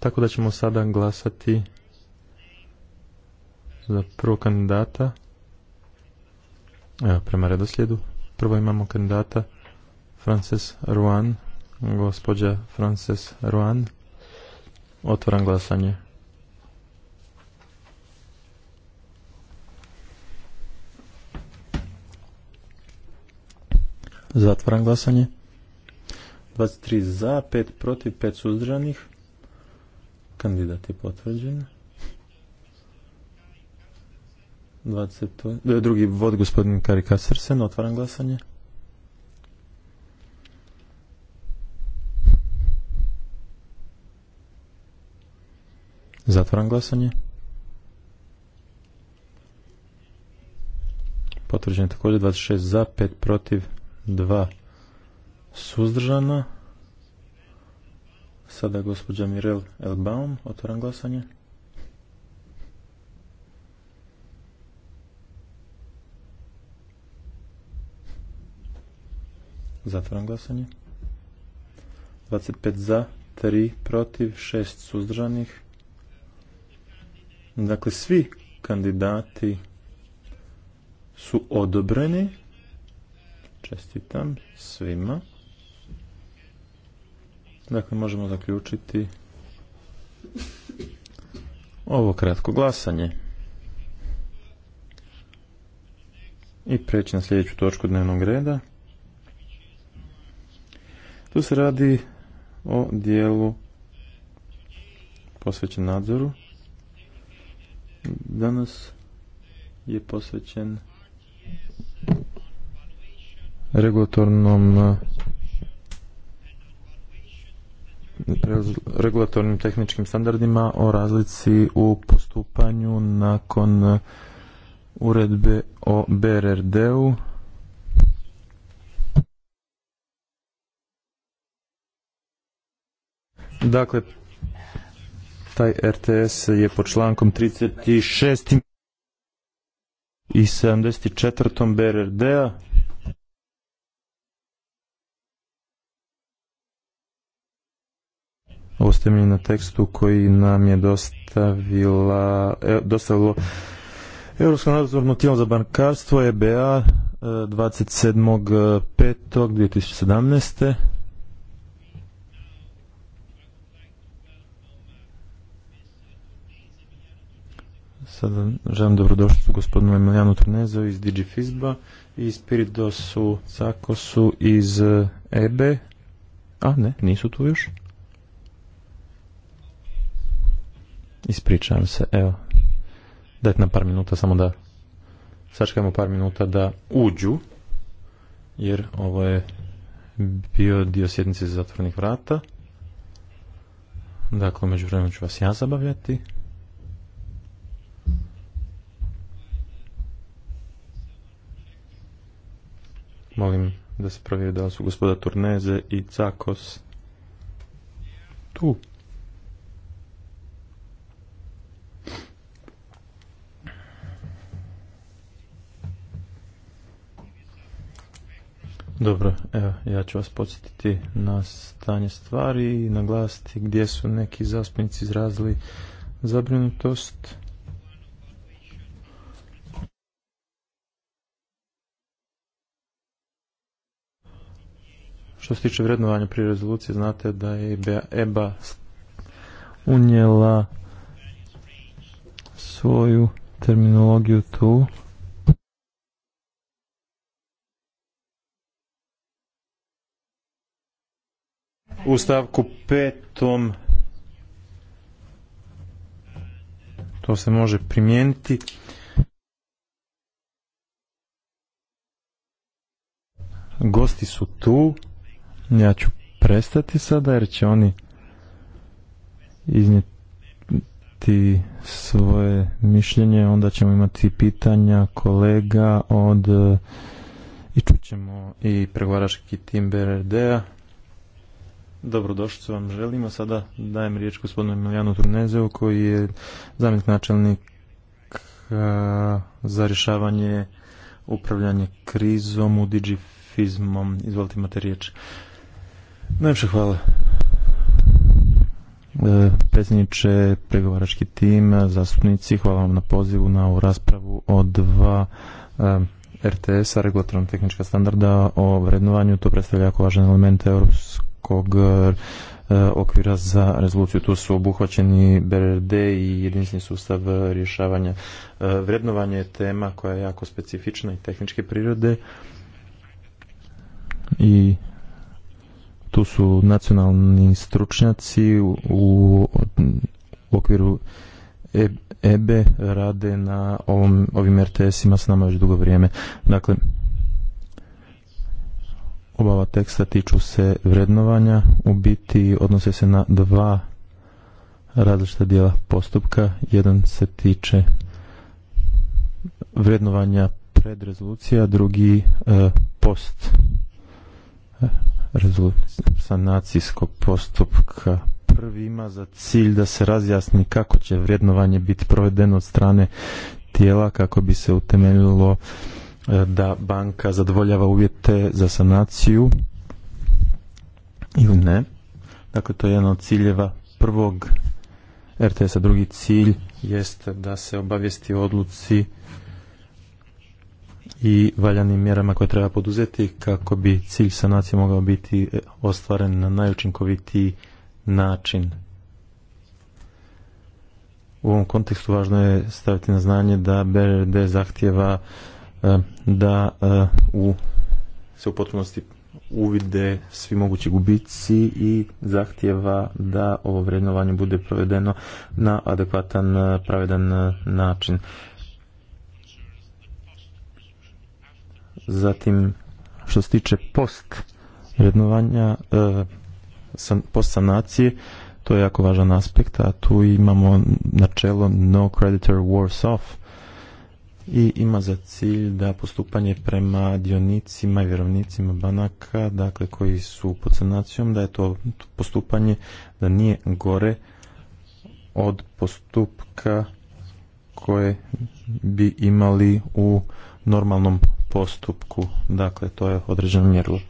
Tako da ćemo sada glasati za prvo kandidata. Evo, prema redoslijedu. Prvo imamo kandidata Frances Ruan, gospođa Frances Ruan. Otvaram glasanje. Zatvaram glasanje. 23 za, 5 protiv, 5 suzdržanih. Kandidat je potvrđen. E, drugi vod gospodin Kari Srsen, otvaram glasanje. Zatvaram glasanje. Potvrđen je također 26 za, 5 protiv, 2 suzdržana. Sada gospođa Mirel Elbaum, otvoram glasanje. Zatvoram glasanje. 25 za, 3 protiv, 6 suzdržanih. Dakle, svi kandidati su odobreni. Čestitam svima. Dakle, možemo zaključiti ovo kratko glasanje. I preći na sljedeću točku dnevnog reda. Tu se radi o dijelu posvećen nadzoru. Danas je posvećen regulatornom regulatornim tehničkim standardima o razlici u postupanju nakon uredbe o BRRD-u Dakle, taj RTS je po člankom 36. i 74. BRRD-a ovo na tekstu koji nam je dostavila, e, dostavilo Europsko nadzorno tijelo za bankarstvo EBA 27.5.2017. E, Sada želim dobrodošlicu gospodinu Emilijanu Trnezeo iz DigiFizba i Spiridosu Cakosu iz EBE. E A ne, nisu tu još. Ispričavam se, evo. Dajte nam par minuta samo da sačekajmo par minuta da uđu jer ovo je bio dio sjednice za zatvornih vrata. Dakle, među vremenom ću vas ja zabavljati. Molim da se provjeri da su gospoda Turneze i Cakos tu. Dobro, evo, ja ću vas podsjetiti na stanje stvari i naglasiti gdje su neki zastupnici izrazili zabrinutost. Što se tiče vrednovanja pri rezoluciji, znate da je EBA unijela svoju terminologiju tu u stavku petom to se može primijeniti. Gosti su tu. Ja ću prestati sada jer će oni iznijeti svoje mišljenje. Onda ćemo imati pitanja kolega od i čućemo i pregovarački tim BRD-a. Dobrodošli vam želimo. Sada dajem riječ gospodinu Emilijanu Turnezeu koji je zamjenik načelnik eh, za rješavanje upravljanje krizom u digifizmom. Izvolite imate riječ. Najviše hvala. Eh, predsjedniče, pregovarački tim, zastupnici, hvala vam na pozivu na ovu raspravu o dva eh, RTS-a, regulatorno tehnička standarda o vrednovanju. To predstavlja jako važan element europskog kog e, e, okvira za rezoluciju. Tu su obuhvaćeni BRD i jedinstveni sustav rješavanja. E, vrednovanje je tema koja je jako specifična i tehničke prirode i tu su nacionalni stručnjaci u okviru EBE rade na ovim RTS-ima s nama već dugo vrijeme. Dakle, obava teksta tiču se vrednovanja, u biti odnose se na dva različita dijela postupka. Jedan se tiče vrednovanja pred rezolucija, drugi e, post rezolucija, sanacijskog postupka. Prvi ima za cilj da se razjasni kako će vrednovanje biti provedeno od strane tijela kako bi se utemeljilo da banka zadovoljava uvjete za sanaciju ili ne. Dakle, to je jedan od ciljeva prvog RTS-a. Drugi cilj jest da se obavijesti odluci i valjanim mjerama koje treba poduzeti kako bi cilj sanacije mogao biti ostvaren na najučinkovitiji način. U ovom kontekstu važno je staviti na znanje da BRD zahtjeva E, da e, u, se u potpunosti uvide svi mogući gubici i zahtjeva da ovo vrednovanje bude provedeno na adekvatan, e, pravedan način. Zatim, što se tiče post vrednovanja, post sanacije, to je jako važan aspekt, a tu imamo načelo no creditor worse off, i ima za cilj da postupanje prema dionicima i vjerovnicima banaka, dakle koji su pod sanacijom, da je to postupanje da nije gore od postupka koje bi imali u normalnom postupku. Dakle, to je određeno mjerilo.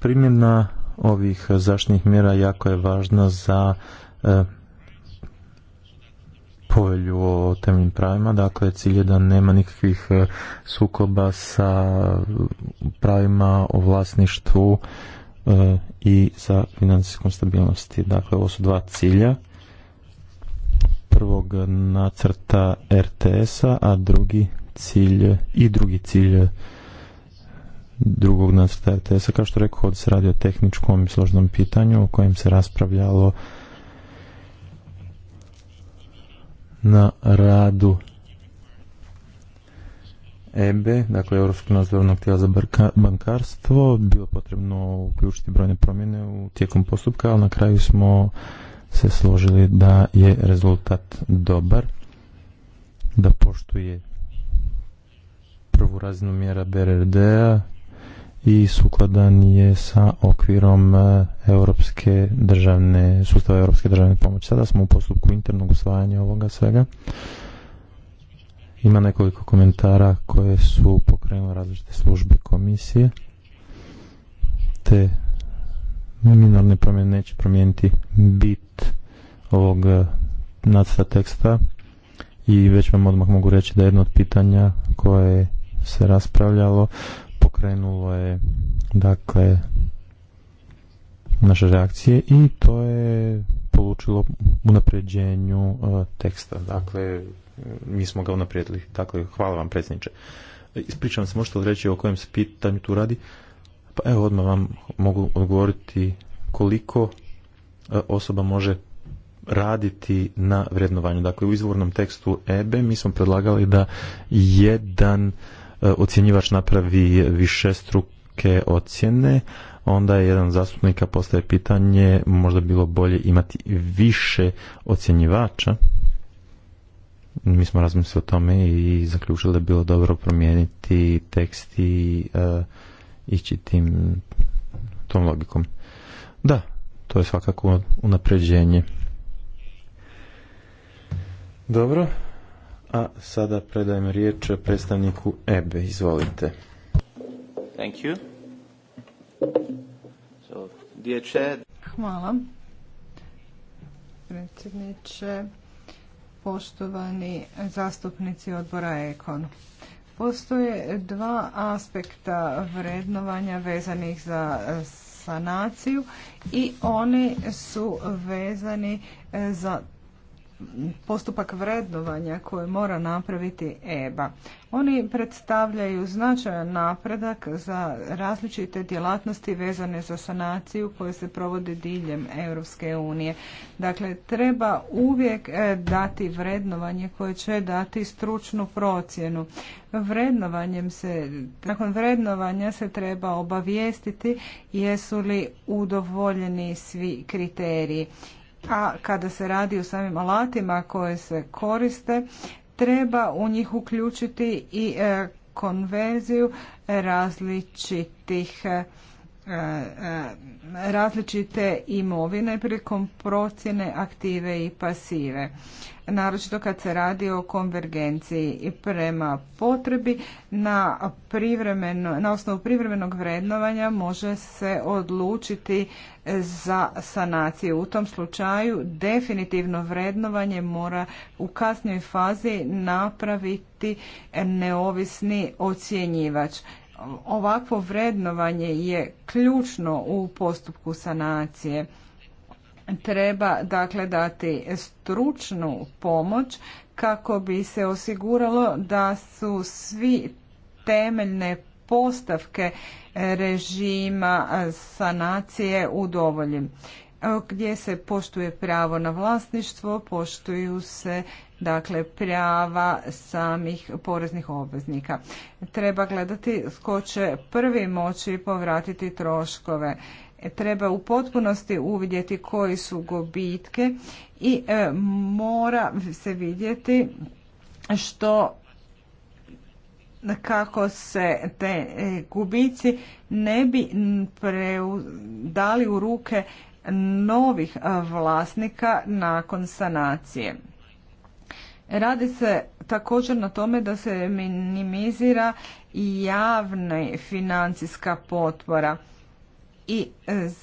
Primjena ovih zaštitnih mjera jako je važna za eh, povelju o temeljnim pravima, dakle cilj je da nema nikakvih e, sukoba sa pravima o vlasništvu e, i sa financijskom stabilnosti. Dakle, ovo su dva cilja prvog nacrta RTS-a, a drugi cilj i drugi cilj drugog nacrta RTS-a. Kao što rekao, ovdje se radi o tehničkom i složnom pitanju o kojem se raspravljalo na radu EBE, dakle Europskog nadzornog tijela za bankarstvo, bilo potrebno uključiti brojne promjene u tijekom postupka, ali na kraju smo se složili da je rezultat dobar, da poštuje prvu razinu mjera BRD-a, i sukladan je sa okvirom e, europske državne, sustava europske državne pomoći. Sada smo u postupku internog usvajanja ovoga svega. Ima nekoliko komentara koje su pokrenule različite službe komisije. Te minorne promjene neće promijeniti bit ovog e, nacrta teksta i već vam odmah mogu reći da jedno od pitanja koje se raspravljalo pokrenulo je dakle naše reakcije i to je polučilo unapređenju e, teksta. Dakle, mi smo ga unaprijedili. Dakle, hvala vam predsjedniče. Ispričavam se, možete li reći o kojem se pitanju tu radi? Pa evo, odmah vam mogu odgovoriti koliko e, osoba može raditi na vrednovanju. Dakle, u izvornom tekstu EBE mi smo predlagali da jedan E, ocjenjivač napravi više struke ocjene, onda je jedan zastupnika postaje pitanje možda bilo bolje imati više ocjenjivača. Mi smo razmislili o tome i zaključili da je bilo dobro promijeniti tekst i e, ići tim tom logikom. Da, to je svakako unapređenje. Dobro, a sada predajem riječ predstavniku EBE. Izvolite. Thank you. Hvala. Predsjedniče, poštovani zastupnici odbora EKON. Postoje dva aspekta vrednovanja vezanih za sanaciju i oni su vezani za postupak vrednovanja koje mora napraviti EBA. Oni predstavljaju značajan napredak za različite djelatnosti vezane za sanaciju koje se provode diljem Europske unije. Dakle, treba uvijek e, dati vrednovanje koje će dati stručnu procjenu. Vrednovanjem se, nakon vrednovanja se treba obavijestiti jesu li udovoljeni svi kriteriji a kada se radi o samim alatima koje se koriste, treba u njih uključiti i e, konverziju različitih e, E, e, različite imovine prilikom procjene aktive i pasive. Naročito kad se radi o konvergenciji prema potrebi na, privremeno, na osnovu privremenog vrednovanja može se odlučiti za sanaciju. U tom slučaju definitivno vrednovanje mora u kasnijoj fazi napraviti neovisni ocjenjivač ovakvo vrednovanje je ključno u postupku sanacije. Treba dakle dati stručnu pomoć kako bi se osiguralo da su svi temeljne postavke režima sanacije udovoljim gdje se poštuje pravo na vlasništvo, poštuju se dakle prijava samih poreznih obveznika. Treba gledati tko će prvi moći povratiti troškove. Treba u potpunosti uvidjeti koji su gubitke i e, mora se vidjeti što kako se te e, gubici ne bi dali u ruke novih vlasnika nakon sanacije. Radi se također na tome da se minimizira javna financijska potpora i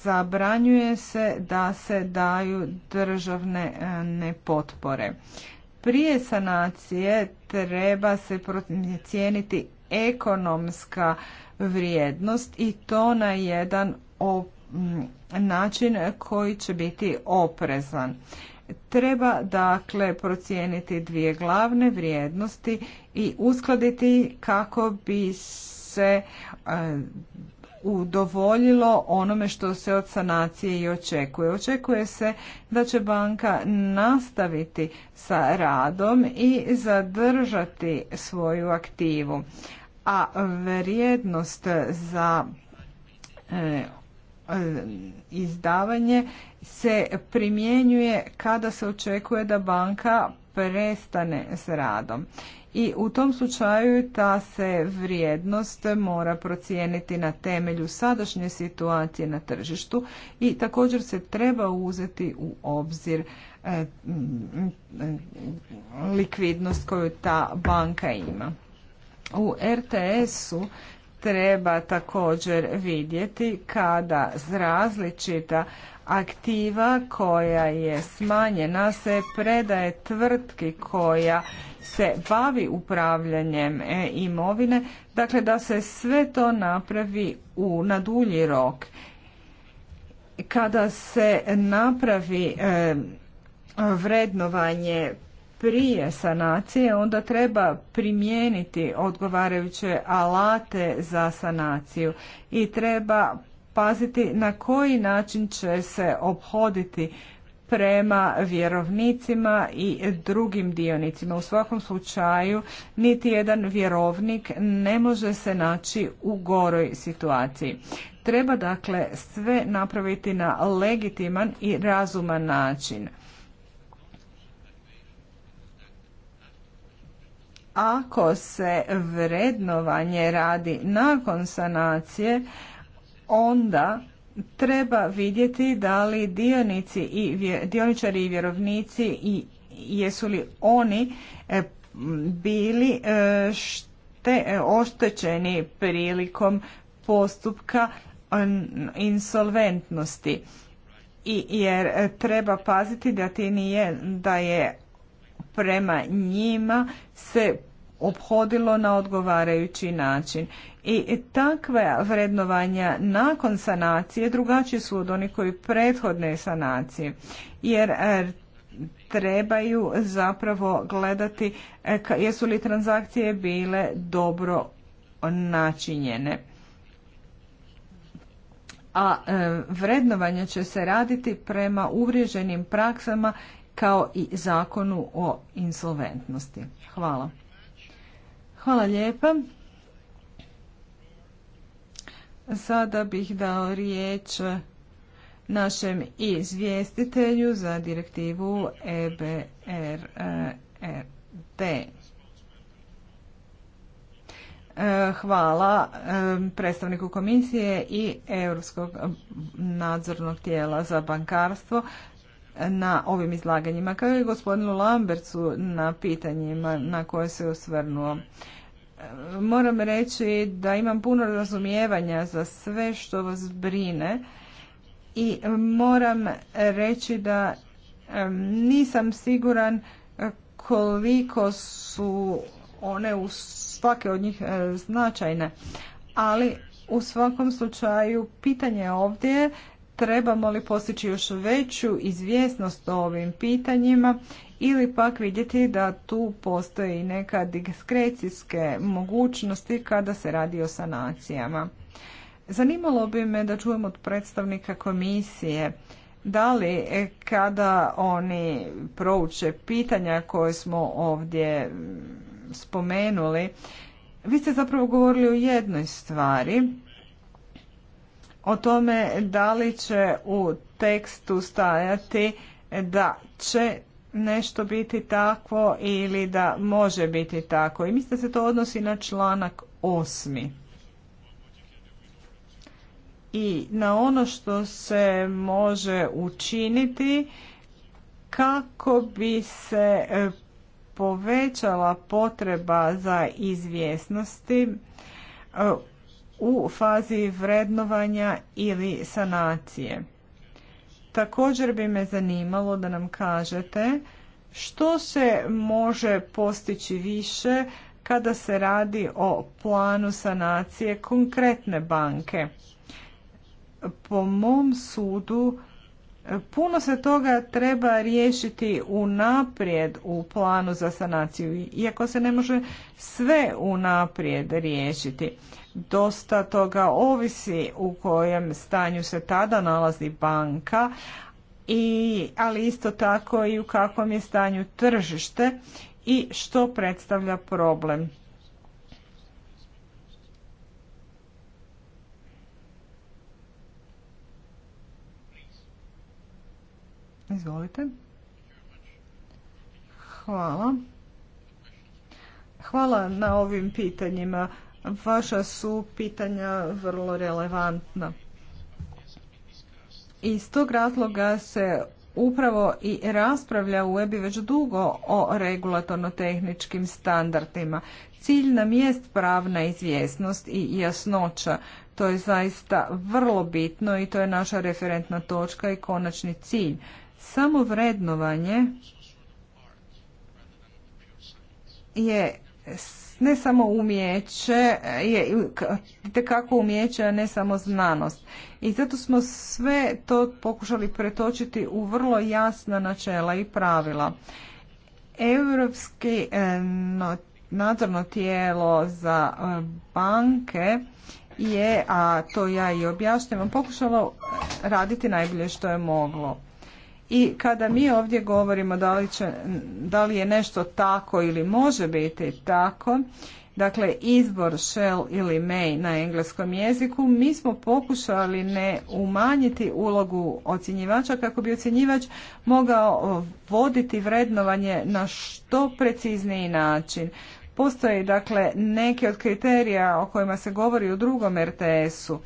zabranjuje se da se daju državne e, potpore. Prije sanacije treba se procijeniti ekonomska vrijednost i to na jedan način koji će biti oprezan. Treba dakle procijeniti dvije glavne vrijednosti i uskladiti kako bi se e, udovoljilo onome što se od sanacije i očekuje. Očekuje se da će banka nastaviti sa radom i zadržati svoju aktivu. A vrijednost za e, E, izdavanje se primjenjuje kada se očekuje da banka prestane s radom. I u tom slučaju ta se vrijednost mora procijeniti na temelju sadašnje situacije na tržištu i također se treba uzeti u obzir e, likvidnost koju ta banka ima. U RTS-u treba također vidjeti kada različita aktiva koja je smanjena se predaje tvrtki koja se bavi upravljanjem e, imovine, dakle da se sve to napravi u, na dulji rok. Kada se napravi e, vrednovanje prije sanacije, onda treba primijeniti odgovarajuće alate za sanaciju i treba paziti na koji način će se obhoditi prema vjerovnicima i drugim dionicima. U svakom slučaju niti jedan vjerovnik ne može se naći u goroj situaciji. Treba dakle sve napraviti na legitiman i razuman način. ako se vrednovanje radi nakon sanacije, onda treba vidjeti da li dionici i dioničari i vjerovnici i jesu li oni e, bili e, šte, e, oštećeni prilikom postupka insolventnosti i jer treba paziti da ti nije da je prema njima se ophodilo na odgovarajući način. I takve vrednovanja nakon sanacije drugačije su od onih koji prethodne sanacije, jer e, trebaju zapravo gledati e, jesu li transakcije bile dobro načinjene. A e, vrednovanje će se raditi prema uvriježenim praksama kao i zakonu o insolventnosti. Hvala. Hvala lijepa. Sada bih dao riječ našem izvjestitelju za direktivu EBRD. E e, hvala e, predstavniku komisije i Europskog nadzornog tijela za bankarstvo na ovim izlaganjima, kao i gospodinu Lambercu na pitanjima na koje se osvrnuo. Moram reći da imam puno razumijevanja za sve što vas brine i moram reći da nisam siguran koliko su one u svake od njih e, značajne. Ali u svakom slučaju pitanje ovdje trebamo li postići još veću izvjesnost o ovim pitanjima ili pak vidjeti da tu postoji neka diskrecijske mogućnosti kada se radi o sanacijama. Zanimalo bi me da čujem od predstavnika komisije da li e, kada oni prouče pitanja koje smo ovdje mm, spomenuli, vi ste zapravo govorili o jednoj stvari, o tome da li će u tekstu stajati da će nešto biti takvo ili da može biti tako. I mislim da se to odnosi na članak osmi. I na ono što se može učiniti kako bi se e, povećala potreba za izvjesnosti e, u fazi vrednovanja ili sanacije. Također bi me zanimalo da nam kažete što se može postići više kada se radi o planu sanacije konkretne banke. Po mom sudu puno se toga treba riješiti unaprijed u planu za sanaciju, iako se ne može sve unaprijed riješiti dosta toga ovisi u kojem stanju se tada nalazi banka, i, ali isto tako i u kakvom je stanju tržište i što predstavlja problem. Izvolite. Hvala. Hvala na ovim pitanjima. Vaša su pitanja vrlo relevantna. Iz tog razloga se upravo i raspravlja u EBI već dugo o regulatorno-tehničkim standardima. Cilj nam jest pravna izvjesnost i jasnoća. To je zaista vrlo bitno i to je naša referentna točka i konačni cilj. Samo vrednovanje je ne samo umijeće, je kako umijeće, a ne samo znanost. I zato smo sve to pokušali pretočiti u vrlo jasna načela i pravila. Europski e, nadzorno tijelo za e, banke je, a to ja i objašnjavam, pokušalo raditi najbolje što je moglo. I kada mi ovdje govorimo da li, će, da li je nešto tako ili može biti tako, dakle izbor shell ili may na engleskom jeziku, mi smo pokušali ne umanjiti ulogu ocjenjivača kako bi ocjenjivač mogao voditi vrednovanje na što precizniji način. Postoje dakle neki od kriterija o kojima se govori u drugom RTS-u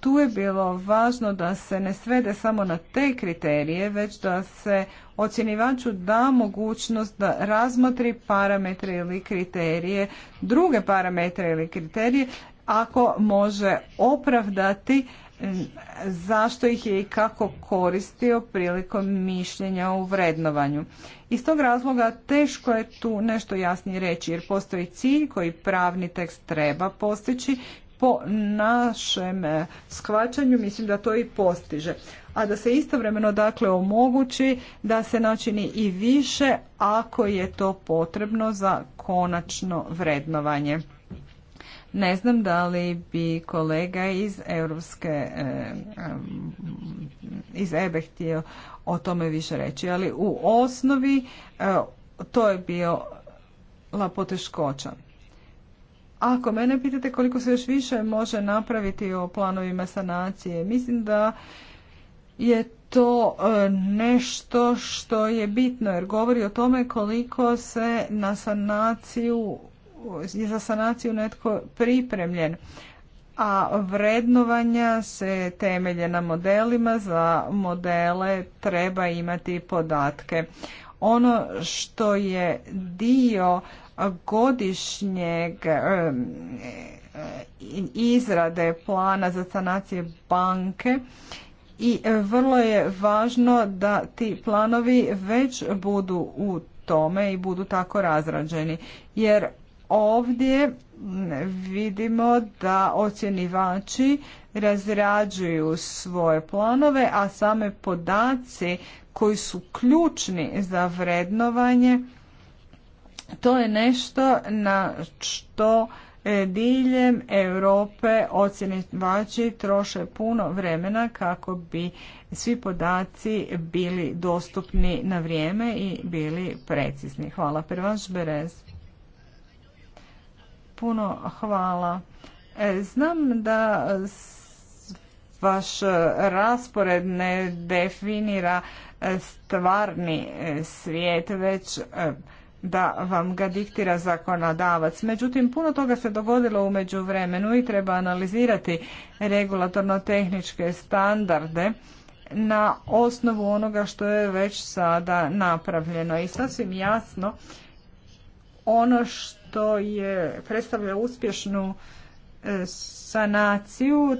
tu je bilo važno da se ne svede samo na te kriterije, već da se ocjenivaču da mogućnost da razmotri parametre ili kriterije, druge parametre ili kriterije, ako može opravdati zašto ih je i kako koristio prilikom mišljenja u vrednovanju. Iz tog razloga teško je tu nešto jasnije reći jer postoji cilj koji pravni tekst treba postići po našem e, shvaćanju mislim da to i postiže. A da se istovremeno dakle omogući da se načini i više ako je to potrebno za konačno vrednovanje. Ne znam da li bi kolega iz Europske e, e, iz EBE htio o tome više reći, ali u osnovi to je bio la ako mene pitate koliko se još više može napraviti o planovima sanacije, mislim da je to e, nešto što je bitno jer govori o tome koliko se na sanaciju je za sanaciju netko pripremljen a vrednovanja se temelje na modelima za modele treba imati podatke ono što je dio godišnjeg izrade plana za sanacije banke i vrlo je važno da ti planovi već budu u tome i budu tako razrađeni. Jer ovdje vidimo da ocjenivači razrađuju svoje planove, a same podaci koji su ključni za vrednovanje to je nešto na što e, diljem Europe ocjenivači troše puno vremena kako bi svi podaci bili dostupni na vrijeme i bili precizni. Hvala Prvaš Berez. Puno hvala. E, znam da vaš raspored ne definira e, stvarni svijet, već da vam ga diktira zakonodavac. Međutim, puno toga se dogodilo u vremenu i treba analizirati regulatorno-tehničke standarde na osnovu onoga što je već sada napravljeno. I sasvim jasno, ono što je predstavlja uspješnu e, sanaciju,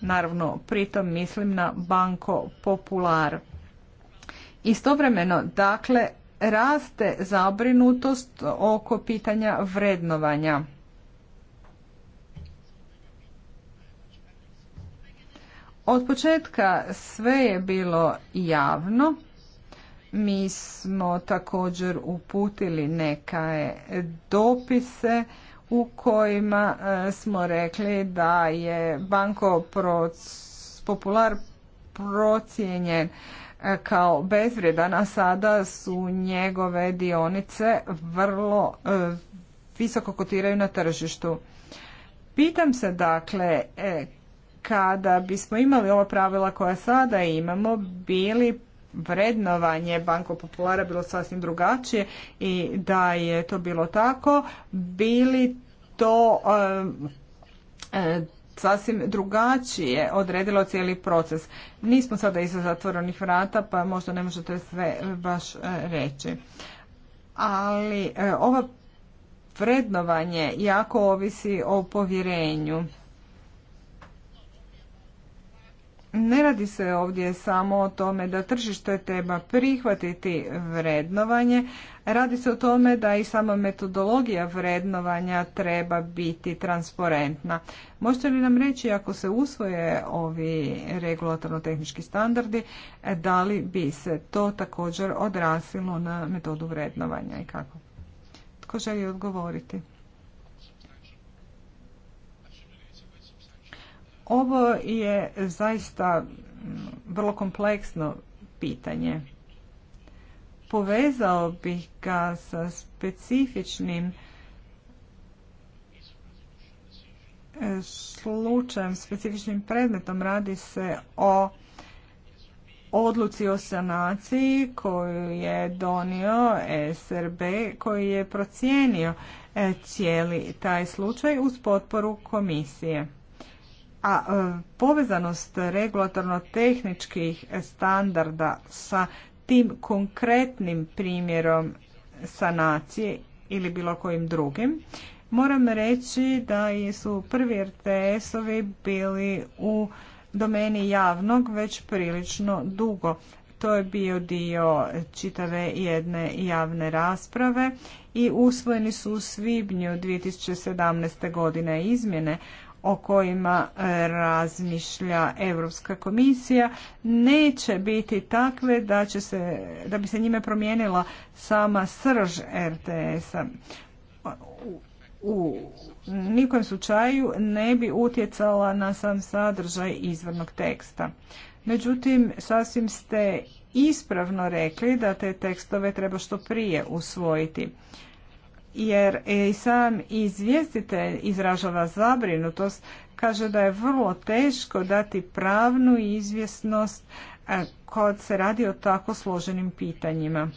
naravno pritom mislim na Banko Popular. Istovremeno, dakle, raste zabrinutost oko pitanja vrednovanja. Od početka sve je bilo javno. Mi smo također uputili neke dopise u kojima e, smo rekli da je Banko Popular procijenjen kao bezvrijedan, a sada su njegove dionice vrlo e, visoko kotiraju na tržištu. Pitam se dakle, e, kada bismo imali ova pravila koja sada imamo, bili vrednovanje Banko Populara bilo sasvim drugačije i da je to bilo tako, bili to e, sasvim drugačije odredilo cijeli proces. Nismo sada iza zatvorenih vrata, pa možda ne možete sve baš e, reći. Ali e, ovo vrednovanje jako ovisi o povjerenju. ne radi se ovdje samo o tome da tržište treba prihvatiti vrednovanje, radi se o tome da i sama metodologija vrednovanja treba biti transparentna. Možete li nam reći ako se usvoje ovi regulatorno-tehnički standardi, da li bi se to također odrasilo na metodu vrednovanja i kako? Tko želi odgovoriti? Ovo je zaista vrlo kompleksno pitanje. Povezao bih ga sa specifičnim slučajem, specifičnim predmetom radi se o odluci o sanaciji koju je donio SRB koji je procijenio e, cijeli taj slučaj uz potporu komisije a e, povezanost regulatorno-tehničkih standarda sa tim konkretnim primjerom sanacije ili bilo kojim drugim, moram reći da su prvi RTS-ovi bili u domeni javnog već prilično dugo. To je bio dio čitave jedne javne rasprave i usvojeni su u svibnju 2017. godine izmjene o kojima e, razmišlja Europska komisija neće biti takve da, će se, da bi se njime promijenila sama srž RTS-a. U, u nikom slučaju ne bi utjecala na sam sadržaj izvornog teksta. Međutim, sasvim ste ispravno rekli da te tekstove treba što prije usvojiti jer i sam izvjestitelj izražava zabrinutost, kaže da je vrlo teško dati pravnu izvjesnost e, kod se radi o tako složenim pitanjima.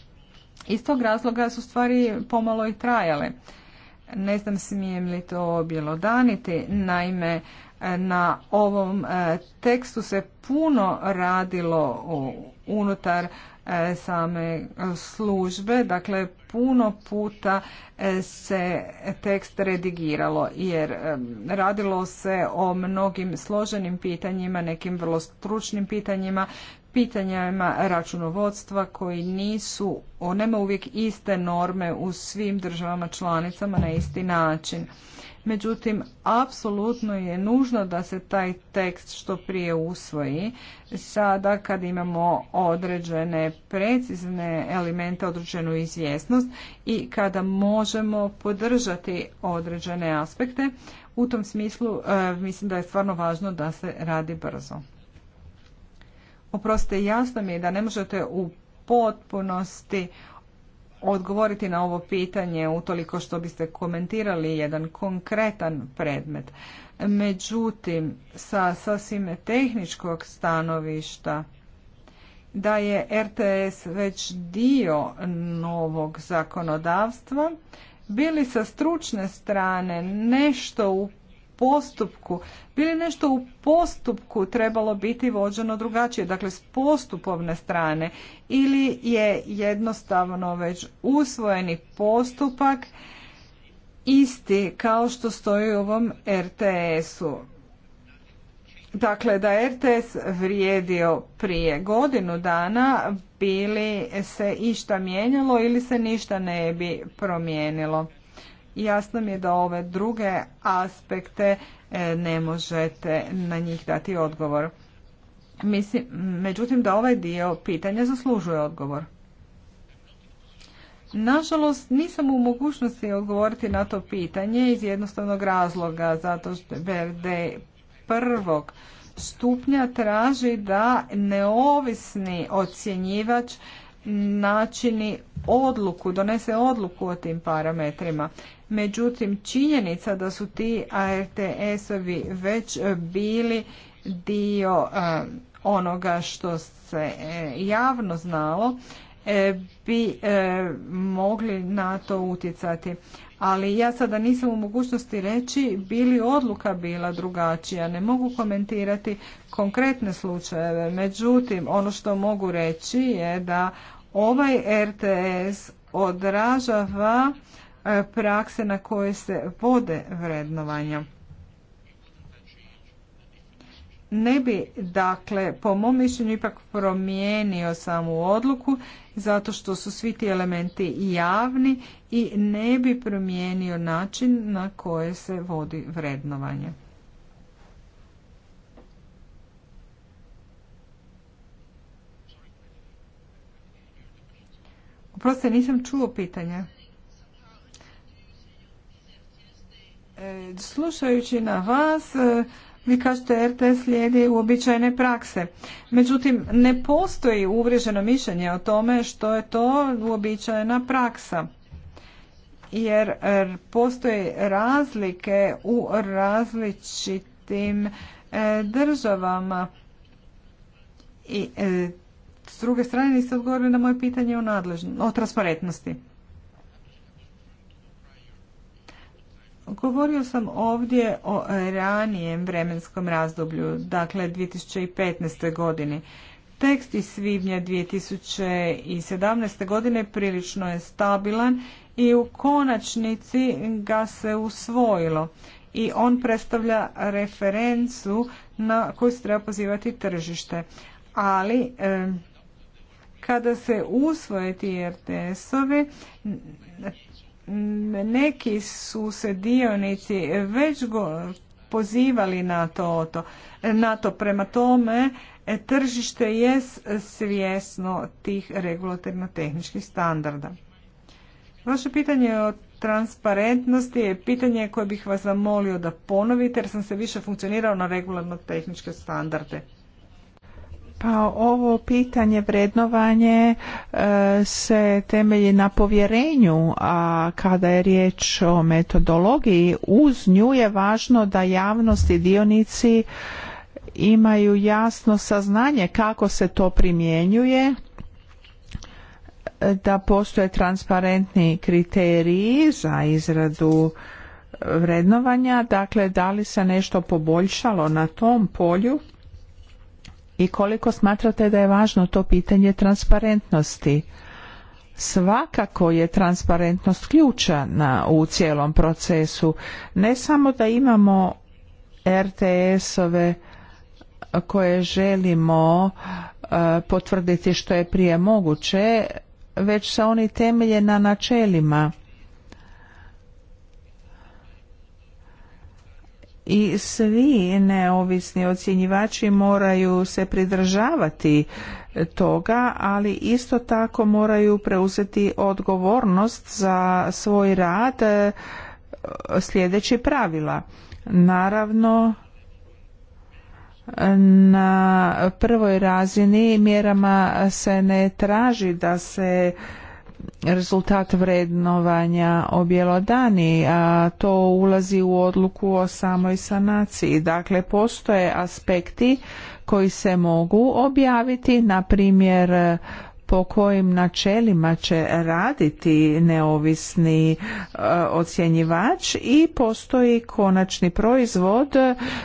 Iz tog razloga su stvari pomalo i trajale. Ne znam smijem li to objelodaniti, naime na ovom e, tekstu se puno radilo unutar e, same službe, dakle puno puta e, se tekst redigiralo jer radilo se o mnogim složenim pitanjima, nekim vrlo stručnim pitanjima, pitanjima računovodstva koji nisu, nema uvijek iste norme u svim državama članicama na isti način. Međutim, apsolutno je nužno da se taj tekst što prije usvoji. Sada kad imamo određene precizne elemente, određenu izvjesnost i kada možemo podržati određene aspekte, u tom smislu e, mislim da je stvarno važno da se radi brzo. Oprostite, jasno mi je da ne možete u potpunosti odgovoriti na ovo pitanje utoliko što biste komentirali jedan konkretan predmet. Međutim, sa sasvime tehničkog stanovišta da je RTS već dio novog zakonodavstva, bili sa stručne strane nešto u postupku. Bili nešto u postupku trebalo biti vođeno drugačije, dakle s postupovne strane ili je jednostavno već usvojeni postupak isti kao što stoji u ovom RTS-u. Dakle, da RTS vrijedio prije godinu dana, bili se išta mijenjalo ili se ništa ne bi promijenilo. Jasno mi je da ove druge aspekte e, ne možete na njih dati odgovor. Mislim, međutim, da ovaj dio pitanja zaslužuje odgovor. Nažalost, nisam u mogućnosti odgovoriti na to pitanje iz jednostavnog razloga, zato što prvog stupnja traži da neovisni ocjenjivač načini odluku, donese odluku o tim parametrima. Međutim, činjenica da su ti ARTS-ovi već e, bili dio e, onoga što se e, javno znalo bi mogli na to utjecati. Ali ja sada nisam u mogućnosti reći li odluka bila drugačija. Ne mogu komentirati konkretne slučajeve. Međutim, ono što mogu reći je da ovaj RTS odražava prakse na koje se vode vrednovanja. Ne bi, dakle, po mom mišljenju ipak promijenio samu odluku, zato što su svi ti elementi javni i ne bi promijenio način na koje se vodi vrednovanje. Oprostite, nisam čuo pitanja. E, slušajući na vas, e, vi kažete RTS slijedi uobičajene prakse. Međutim, ne postoji uvriježeno mišljenje o tome što je to uobičajena praksa. Jer er, postoje razlike u različitim e, državama. I s druge strane niste odgovorili na moje pitanje o, o transparentnosti. Govorio sam ovdje o ranijem vremenskom razdoblju, dakle 2015. godini. Tekst iz svibnja 2017. godine prilično je stabilan i u konačnici ga se usvojilo i on predstavlja referencu na koju se treba pozivati tržište. Ali kada se usvoje ti RTS-ovi neki su se dionici već go pozivali na to, to, na to. Prema tome, e, tržište je svjesno tih regulatorno-tehničkih standarda. Vaše pitanje o transparentnosti je pitanje koje bih vas zamolio da ponovite jer sam se više funkcionirao na regularno-tehničke standarde. Pa ovo pitanje vrednovanje e, se temelji na povjerenju, a kada je riječ o metodologiji, uz nju je važno da javnost i dionici imaju jasno saznanje kako se to primjenjuje da postoje transparentni kriteriji za izradu vrednovanja, dakle da li se nešto poboljšalo na tom polju i koliko smatrate da je važno to pitanje transparentnosti. Svakako je transparentnost ključna u cijelom procesu. Ne samo da imamo RTS-ove koje želimo e, potvrditi što je prije moguće, već se oni temelje na načelima i svi neovisni ocjenjivači moraju se pridržavati toga, ali isto tako moraju preuzeti odgovornost za svoj rad e, sljedeći pravila. Naravno, na prvoj razini mjerama se ne traži da se rezultat vrednovanja objelodani, a to ulazi u odluku o samoj sanaciji. Dakle, postoje aspekti koji se mogu objaviti, na primjer po kojim načelima će raditi neovisni e, ocjenjivač i postoji konačni proizvod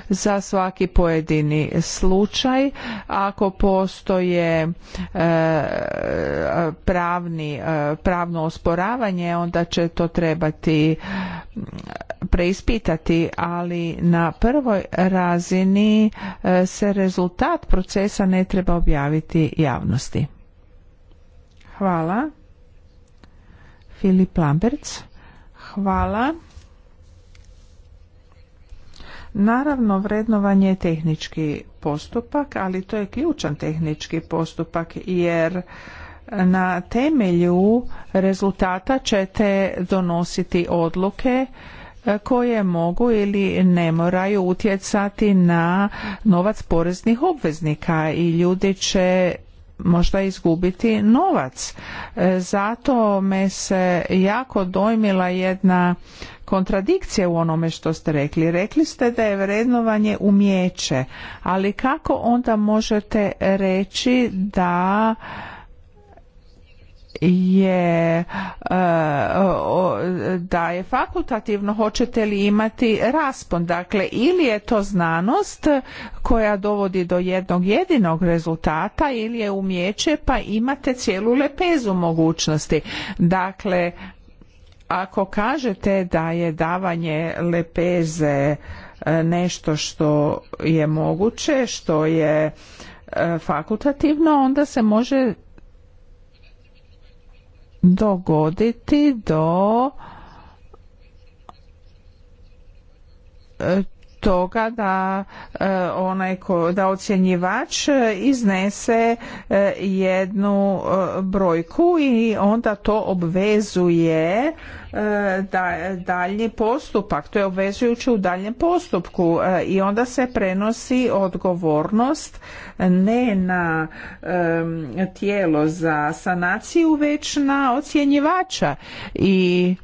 za svaki pojedini slučaj. Ako postoje e, pravni, e, pravno osporavanje onda će to trebati preispitati, ali na prvoj razini se rezultat procesa ne treba objaviti javnosti. Hvala. Filip Lamberts. Hvala. Naravno, vrednovanje je tehnički postupak, ali to je ključan tehnički postupak jer na temelju rezultata ćete donositi odluke e, koje mogu ili ne moraju utjecati na novac poreznih obveznika i ljudi će možda izgubiti novac. E, zato me se jako dojmila jedna kontradikcija u onome što ste rekli. Rekli ste da je vrednovanje umijeće, ali kako onda možete reći da je e, da je fakultativno hoćete li imati raspon dakle ili je to znanost koja dovodi do jednog jedinog rezultata ili je umjeće pa imate cijelu lepezu mogućnosti dakle ako kažete da je davanje lepeze e, nešto što je moguće što je e, fakultativno onda se može dogoditi do e, toga da e, onaj da ocjenjivač iznese e, jednu e, brojku i onda to obvezuje da, daljnji postupak, to je obvezujuće u daljem postupku i onda se prenosi odgovornost ne na tijelo za sanaciju već na ocjenjivača i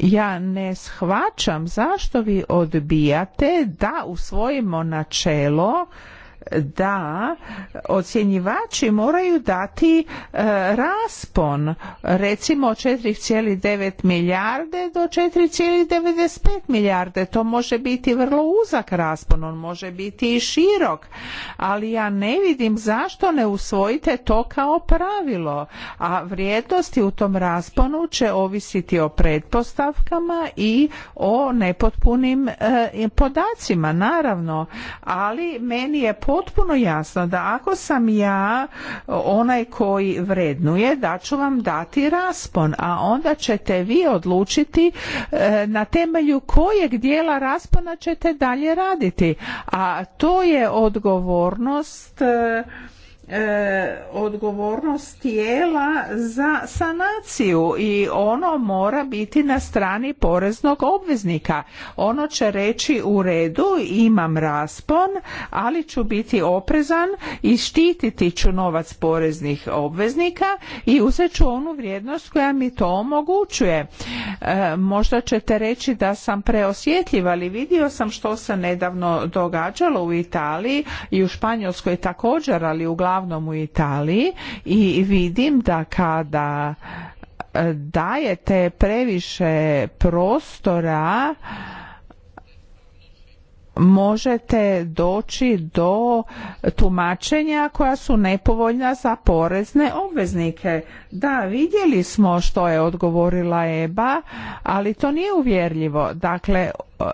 ja ne shvaćam zašto vi odbijate da usvojimo načelo da ocjenjivači moraju dati e, raspon recimo 4,9 milijarde do 4,95 milijarde to može biti vrlo uzak raspon on može biti i širok ali ja ne vidim zašto ne usvojite to kao pravilo a vrijednosti u tom rasponu će ovisiti o pretpostavkama i o nepotpunim e, podacima naravno ali meni je potpuno jasno da ako sam ja onaj koji vrednuje da ću vam dati raspon a onda ćete vi odlučiti e, na temelju kojeg dijela raspona ćete dalje raditi a to je odgovornost e, E, odgovornost tijela za sanaciju i ono mora biti na strani poreznog obveznika. Ono će reći u redu imam raspon, ali ću biti oprezan i štititi ću novac poreznih obveznika i uzet ću onu vrijednost koja mi to omogućuje. E, možda ćete reći da sam preosjetljiva, ali vidio sam što se nedavno događalo u Italiji i u Španjolskoj također, ali uglavnom uglavnom u Italiji i vidim da kada e, dajete previše prostora možete doći do tumačenja koja su nepovoljna za porezne obveznike. Da, vidjeli smo što je odgovorila EBA, ali to nije uvjerljivo. Dakle,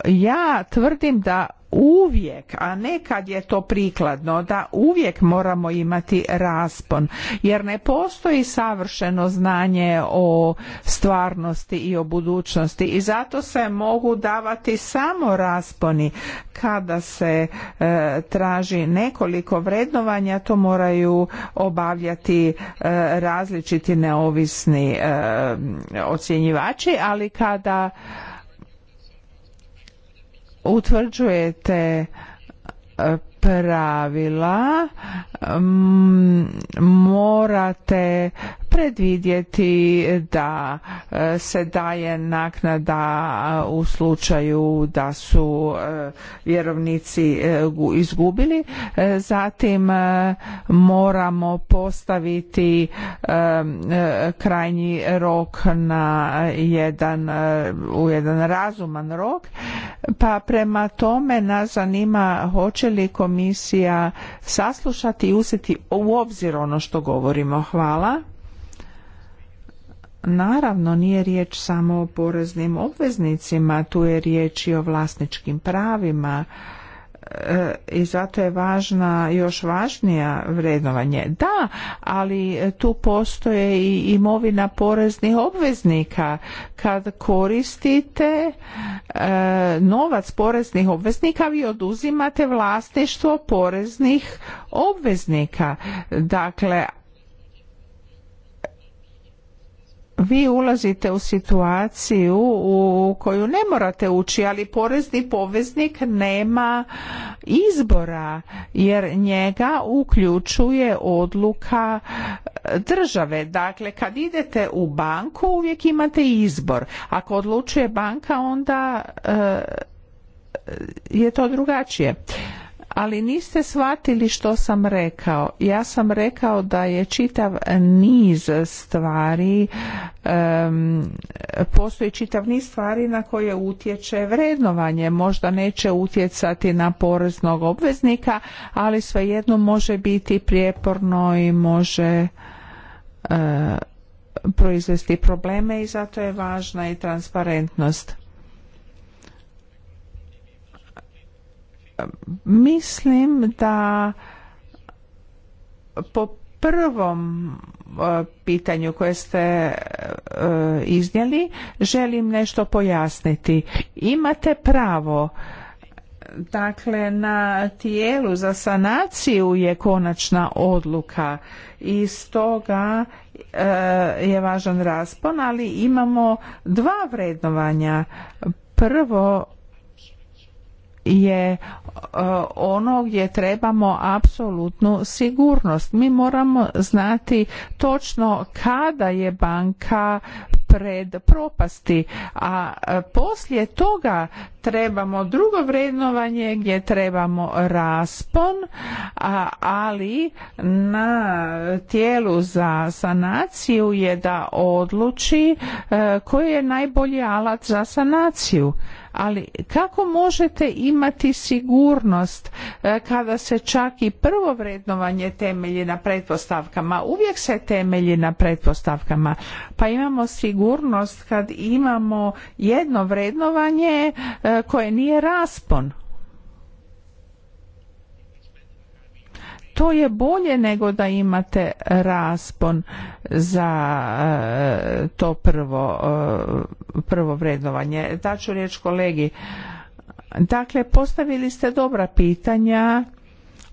ja tvrdim da uvijek, a ne kad je to prikladno, da uvijek moramo imati raspon, jer ne postoji savršeno znanje o stvarnosti i o budućnosti i zato se mogu davati samo rasponi kada se e, traži nekoliko vrednovanja to moraju obavljati e, različiti neovisni e, ocjenjivači ali kada utvrđujete e, pravila morate predvidjeti da e, se daje naknada u slučaju da su e, vjerovnici e, izgubili. Zatim moramo postaviti krajnji rok na jedan, u jedan razuman rok. Pa prema tome nas zanima hoće li komisija saslušati i uzeti u obzir ono što govorimo. Hvala. Naravno, nije riječ samo o poreznim obveznicima, tu je riječ i o vlasničkim pravima e, i zato je važna još važnija vrednovanje. Da, ali tu postoje i imovina poreznih obveznika. Kad koristite e, novac poreznih obveznika, vi oduzimate vlasništvo poreznih obveznika. Dakle, vi ulazite u situaciju u koju ne morate ući, ali porezni poveznik nema izbora jer njega uključuje odluka e, države. Dakle, kad idete u banku uvijek imate izbor. Ako odlučuje banka onda e, e, je to drugačije ali niste shvatili što sam rekao. Ja sam rekao da je čitav niz stvari, postoji čitav niz stvari na koje utječe vrednovanje. Možda neće utjecati na poreznog obveznika, ali svejedno može biti prijeporno i može eh, proizvesti probleme i zato je važna i transparentnost. Mislim da po prvom e, pitanju koje ste e, iznijeli želim nešto pojasniti. Imate pravo Dakle, na tijelu za sanaciju je konačna odluka i stoga e, je važan raspon, ali imamo dva vrednovanja. Prvo je e, ono gdje trebamo apsolutnu sigurnost. Mi moramo znati točno kada je banka pred propasti, a e, poslije toga trebamo drugo vrednovanje gdje trebamo raspon, ali na tijelu za sanaciju je da odluči e, koji je najbolji alat za sanaciju ali kako možete imati sigurnost e, kada se čak i prvo vrednovanje temelji na pretpostavkama uvijek se temelji na pretpostavkama pa imamo sigurnost kad imamo jedno vrednovanje e, koje nije raspon to je bolje nego da imate raspon za e, to prvo, vredovanje. prvo vrednovanje. Daću riječ kolegi. Dakle, postavili ste dobra pitanja.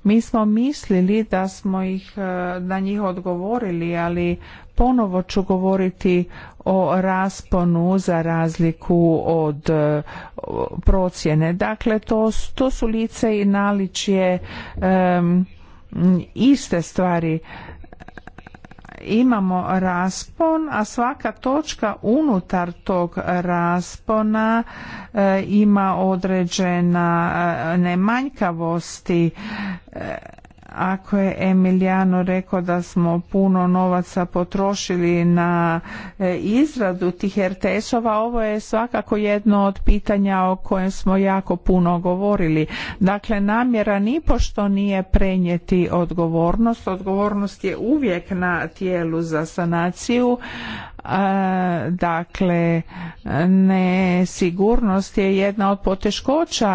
Mi smo mislili da smo ih, e, na njih odgovorili, ali ponovo ću govoriti o rasponu za razliku od e, procjene. Dakle, to, to su lice i naličje iste stvari imamo raspon, a svaka točka unutar tog raspona e, ima određena e, nemanjkavosti. E, ako je Emiliano rekao da smo puno novaca potrošili na e, izradu tih RTS-ova, ovo je svakako jedno od pitanja o kojem smo jako puno govorili. Dakle, namjera nipošto nije prenijeti odgovornost. Odgovornost je uvijek na tijelu za sanaciju, Dakle, nesigurnost je jedna od poteškoća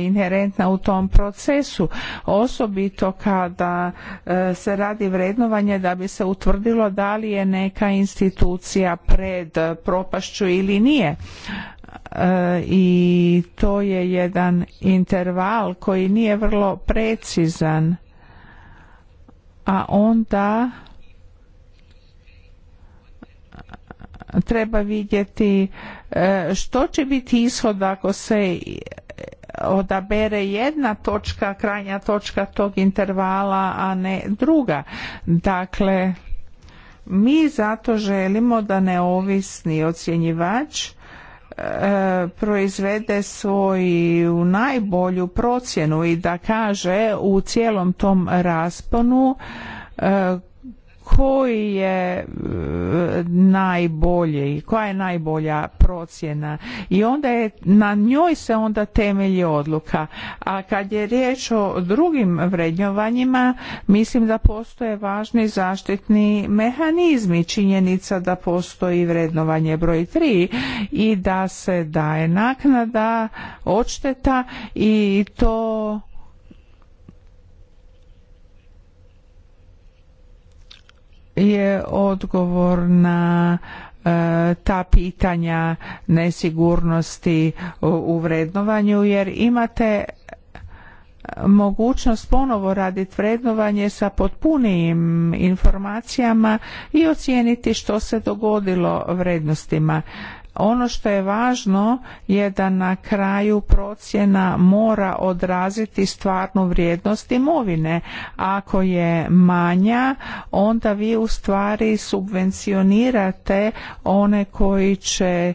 inherentna u tom procesu, osobito kada e, se radi vrednovanje da bi se utvrdilo da li je neka institucija pred propašću ili nije e, i to je jedan interval koji nije vrlo precizan a onda treba vidjeti e, što će biti ishod ako se e, odabere jedna točka, krajnja točka tog intervala, a ne druga. Dakle, mi zato želimo da neovisni ocjenjivač e, proizvede svoju najbolju procjenu i da kaže u cijelom tom rasponu koji je e, najbolji, koja je najbolja procjena i onda je na njoj se onda temelji odluka. A kad je riječ o drugim vrednjovanjima, mislim da postoje važni zaštitni mehanizmi. Činjenica da postoji vrednovanje broj 3 i da se daje naknada, odšteta i to je odgovor na e, ta pitanja nesigurnosti u vrednovanju jer imate e, mogućnost ponovo raditi vrednovanje sa potpunijim informacijama i ocijeniti što se dogodilo vrednostima ono što je važno je da na kraju procjena mora odraziti stvarnu vrijednost imovine. Ako je manja, onda vi u stvari subvencionirate one koji će e,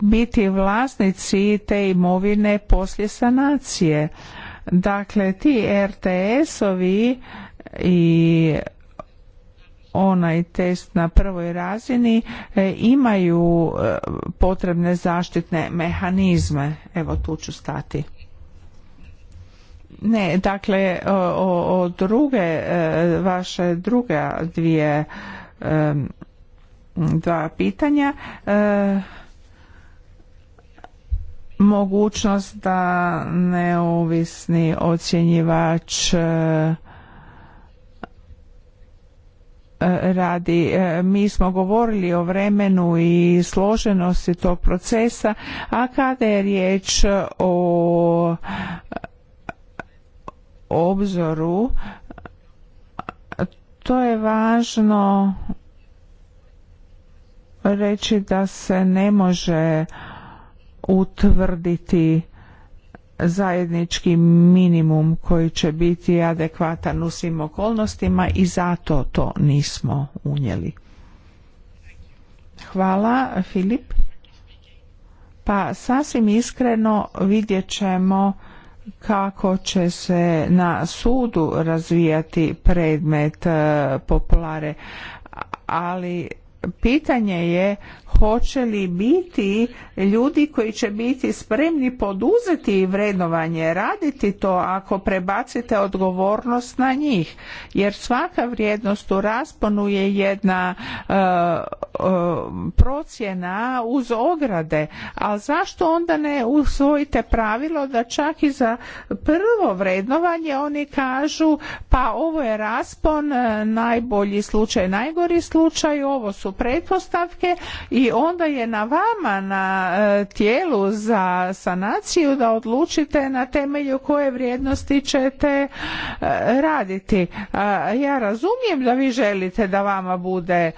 biti vlasnici te imovine poslije sanacije. Dakle, ti RTS-ovi i onaj test na prvoj razini e, imaju e, potrebne zaštitne mehanizme. Evo tu ću stati. Ne, dakle o, o druge e, vaše druge dvije dva pitanja mogućnost da neovisni ocjenjivač E, radi. E, mi smo govorili o vremenu i složenosti tog procesa, a kada je riječ o obzoru, to je važno reći da se ne može utvrditi zajednički minimum koji će biti adekvatan u svim okolnostima i zato to nismo unijeli. Hvala Filip. Pa sasvim iskreno vidjet ćemo kako će se na sudu razvijati predmet e, populare ali pitanje je hoće li biti ljudi koji će biti spremni poduzeti vrednovanje, raditi to ako prebacite odgovornost na njih. Jer svaka vrijednost u rasponu je jedna e, E, procjena uz ograde, a zašto onda ne usvojite pravilo da čak i za prvo vrednovanje oni kažu pa ovo je raspon, e, najbolji slučaj, najgori slučaj, ovo su pretpostavke i onda je na vama, na e, tijelu za sanaciju da odlučite na temelju koje vrijednosti ćete raditi. Ja razumijem da vi želite da vama bude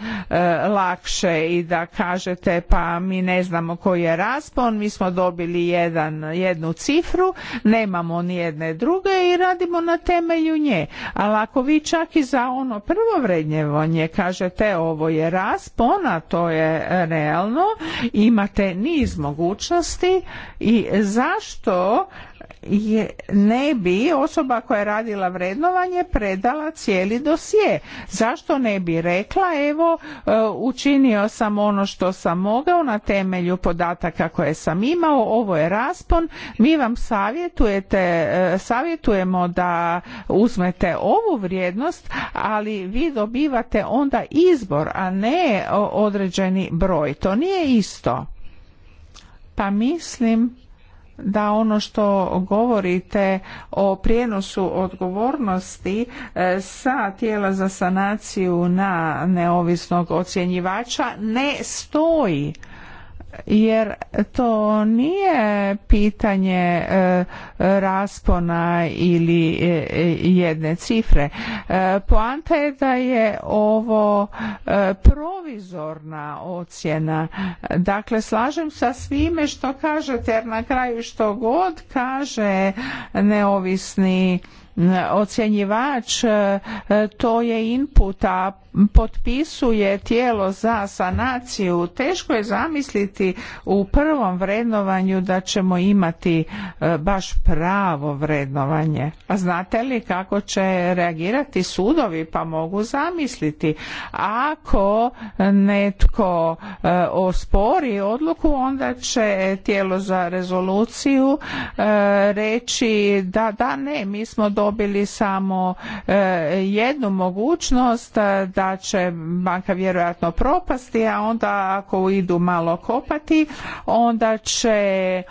lakše lakše i da kažete pa mi ne znamo koji je raspon, mi smo dobili jedan, jednu cifru, nemamo ni jedne druge i radimo na temelju nje. Ali ako vi čak i za ono prvo vrednjevanje kažete ovo je raspon, a to je realno, imate niz mogućnosti i zašto je, ne bi osoba koja je radila vrednovanje predala cijeli dosje. Zašto ne bi rekla evo e, učinio sam ono što sam mogao na temelju podataka koje sam imao, ovo je raspon, mi vam savjetujete, e, savjetujemo da uzmete ovu vrijednost, ali vi dobivate onda izbor, a ne određeni broj. To nije isto. Pa mislim da ono što govorite o prijenosu odgovornosti e, sa tijela za sanaciju na neovisnog ocjenjivača ne stoji jer to nije pitanje e, raspona ili e, jedne cifre. E, poanta je da je ovo provizorna ocjena. Dakle, slažem sa svime što kažete, jer na kraju što god kaže neovisni ocjenjivač to je input a potpisuje tijelo za sanaciju teško je zamisliti u prvom vrednovanju da ćemo imati e, baš pravo vrednovanje a znate li kako će reagirati sudovi pa mogu zamisliti ako netko e, ospori odluku onda će tijelo za rezoluciju e, reći da da ne mi smo dobili samo jednu mogućnost da da će banka vjerojatno propasti, a onda ako idu malo kopati, onda će e,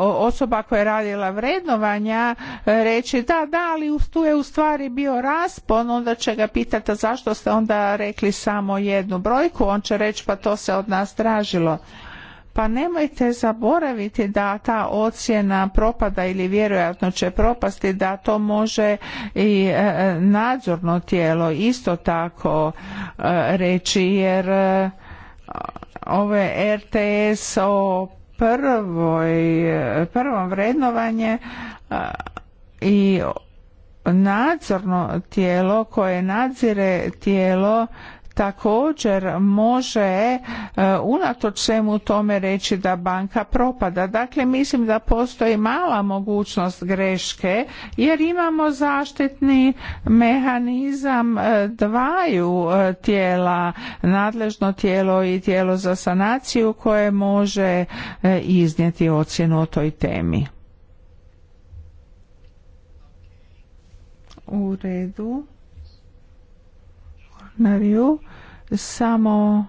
osoba koja je radila vrednovanja reći da, da, ali tu je u stvari bio raspon, onda će ga pitati zašto ste onda rekli samo jednu brojku, on će reći pa to se od nas tražilo pa nemojte zaboraviti da ta ocjena propada ili vjerojatno će propasti da to može i e, nadzorno tijelo isto tako e, reći jer e, ove RTS o prvoj, prvom vrednovanje i nadzorno tijelo koje nadzire tijelo također može e, unatoč svemu tome reći da banka propada. Dakle, mislim da postoji mala mogućnost greške jer imamo zaštitni mehanizam e, dvaju e, tijela, nadležno tijelo i tijelo za sanaciju koje može iznijeti ocjenu o toj temi. U redu. Mariju samo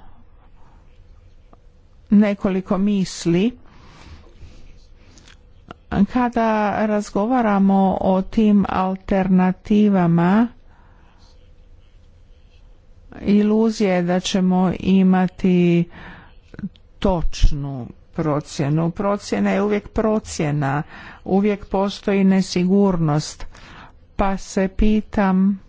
nekoliko misli kada razgovaramo o tim alternativama iluzije da ćemo imati točnu procjenu procjena je uvijek procjena uvijek postoji nesigurnost pa se pitam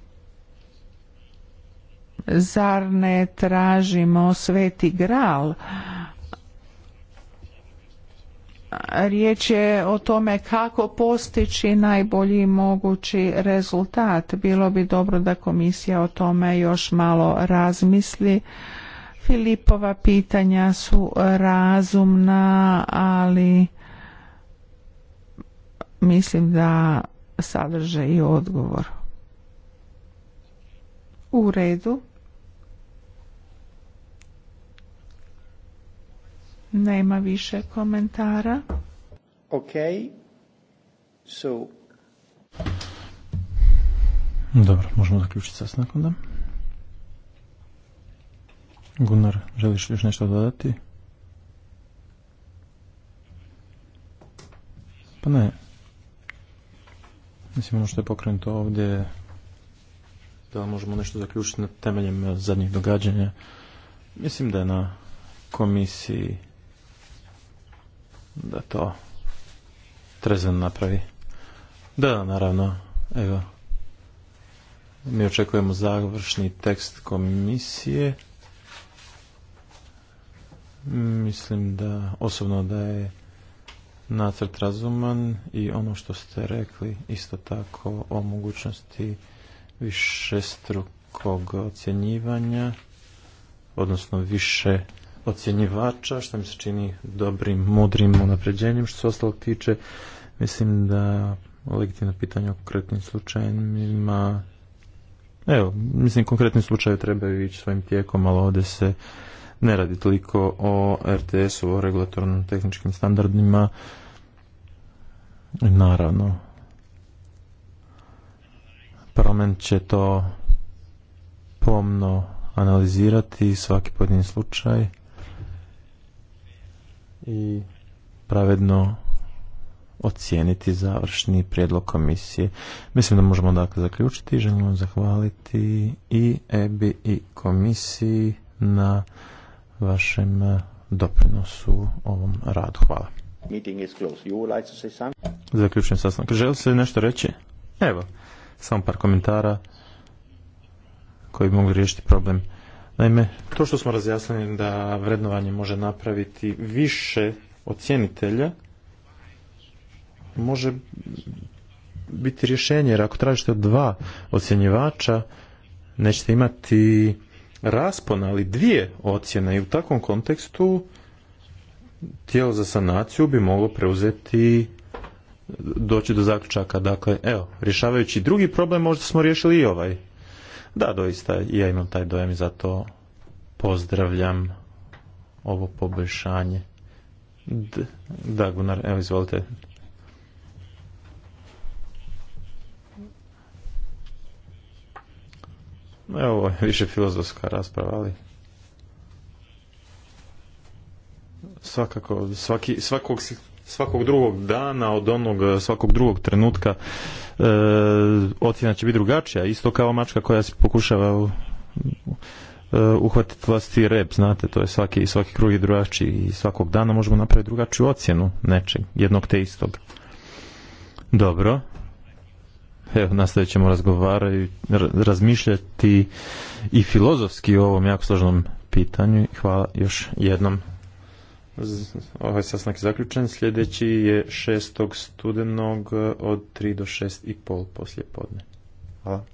Zar ne tražimo sveti gral? Riječ je o tome kako postići najbolji mogući rezultat. Bilo bi dobro da komisija o tome još malo razmisli. Filipova pitanja su razumna, ali mislim da sadrže i odgovor. U redu. Nema više komentara. Ok. So. Dobro, možemo zaključiti sasnak onda. Gunnar, želiš još nešto dodati? Pa ne. Mislim, ono što je pokrenuto ovdje da možemo nešto zaključiti na temeljem zadnjih događanja. Mislim da je na komisiji da to Trezan napravi. Da, naravno, evo. Mi očekujemo završni tekst komisije. Mislim da, osobno da je nacrt razuman i ono što ste rekli isto tako o mogućnosti višestrukog ocjenjivanja, odnosno više ocjenjivača, što mi se čini dobrim, mudrim unapređenjem. Što se ostalog tiče, mislim da legitimno pitanje o konkretnim slučajima Evo, mislim, konkretni slučaj trebaju ići svojim tijekom, ali ovdje se ne radi toliko o RTS-u, o regulatornim tehničkim standardima. Naravno, parlament će to pomno analizirati svaki pojedini slučaj i pravedno ocijeniti završni prijedlog komisije. Mislim da možemo dakle zaključiti. Želim vam zahvaliti i EBI i komisiji na vašem doprinosu ovom radu. Hvala. Meeting is closed. Želi se nešto reći? Evo, samo par komentara koji bi mogli riješiti problem. Naime, to što smo razjasnili da vrednovanje može napraviti više ocjenitelja, može biti rješenje, jer ako tražite dva ocjenjivača, nećete imati raspon, ali dvije ocjene i u takvom kontekstu tijelo za sanaciju bi moglo preuzeti doći do zaključaka. Dakle, evo, rješavajući drugi problem, možda smo riješili i ovaj. Da, doista, ja imam taj dojam i zato pozdravljam ovo poboljšanje. Da, Gunnar, evo izvolite. Evo, više filozofska rasprava, ali svakako, svaki, svakog, svakog drugog dana, od onog svakog drugog trenutka E, ocjena će biti drugačija, isto kao mačka koja se pokušava e, uhvatiti vlasti rep, znate, to je svaki, svaki krug je drugačiji i svakog dana možemo napraviti drugačiju ocjenu nečeg, jednog te istog. Dobro. Evo, nastavit ćemo razgovarati, razmišljati i filozofski o ovom jako složnom pitanju. Hvala još jednom. Ovaj sastanak je zaključen. Sljedeći je 6. studenog eh, od 3 do 6 i pol poslije podne. Hvala.